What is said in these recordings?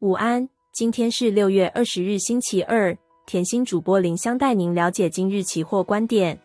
午安，今天是六月二十日，星期二。甜心主播林香帶您了解今日期貨觀點。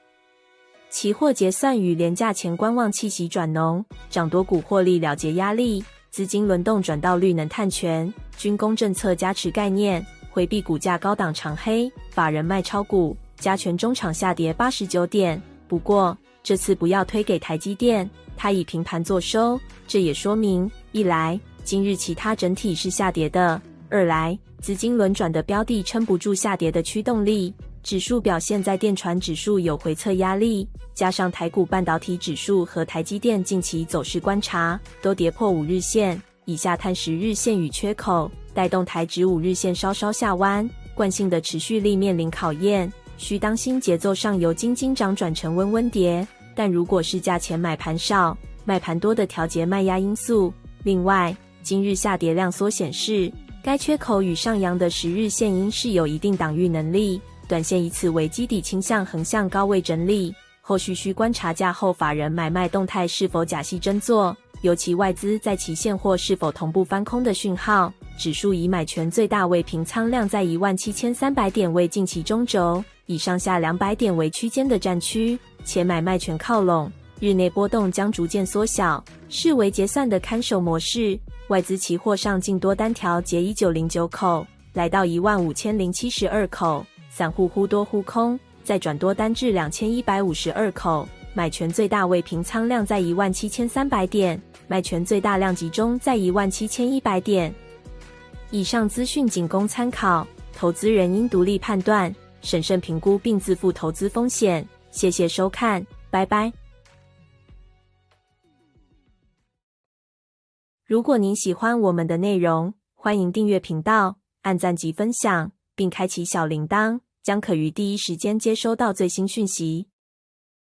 期貨結算與連假前觀望氣息轉濃，漲多股獲利了結壓力，資金輪動轉到綠能碳權、軍工政策加持概念，迴避股價高檔長黑，法人賣超股加權終場下跌八十九點。不過，這次不要推給台積電，它以平盤作收，這也說明一來，今日其他整體是下跌的。二來，資金輪轉的標的撐不住下跌的驅動力，指數表現在電傳指數有回測壓力，加上台股半導體指數和台積電近期走勢觀察，都跌破五日線，已下探十日線與缺口，帶動台指五日線稍稍下彎，慣性的持續力面臨考驗，需當心節奏上由驚驚漲轉成溫溫跌。但如果是假前買盤少，賣盤多的調節賣壓因素。另外。今日下跌量縮顯示，該缺口與上揚的十日線應是有一定擋禦能力，短線以此為基底傾向橫向高位整理。後續需觀察假後法人買賣動態是否假戲真作，尤其外資在期現貨是否同步翻空的訊號。指數以買權最大未平倉量在一萬七千三百點為近期中軸，以上下兩百點為區間的戰區，且買賣權靠攏，日內波動將逐漸縮小，視為結算的看守模式。外資期貨上淨多單調節一九零九口，來到一萬五千零七十二口，散戶忽多忽空，再轉多單至兩千一百五十二口，買權最大未平倉量在一萬七千三百點，賣權最大量集中在一萬七千一百點。以上資訊僅供參考，投資人應獨立判斷，審慎評估並自負投資風險。謝謝收看，拜拜。如果您喜歡我們的內容，歡迎訂閱頻道、按讚及分享，並開啟小鈴鐺，將可於第一時間接收到最新訊息。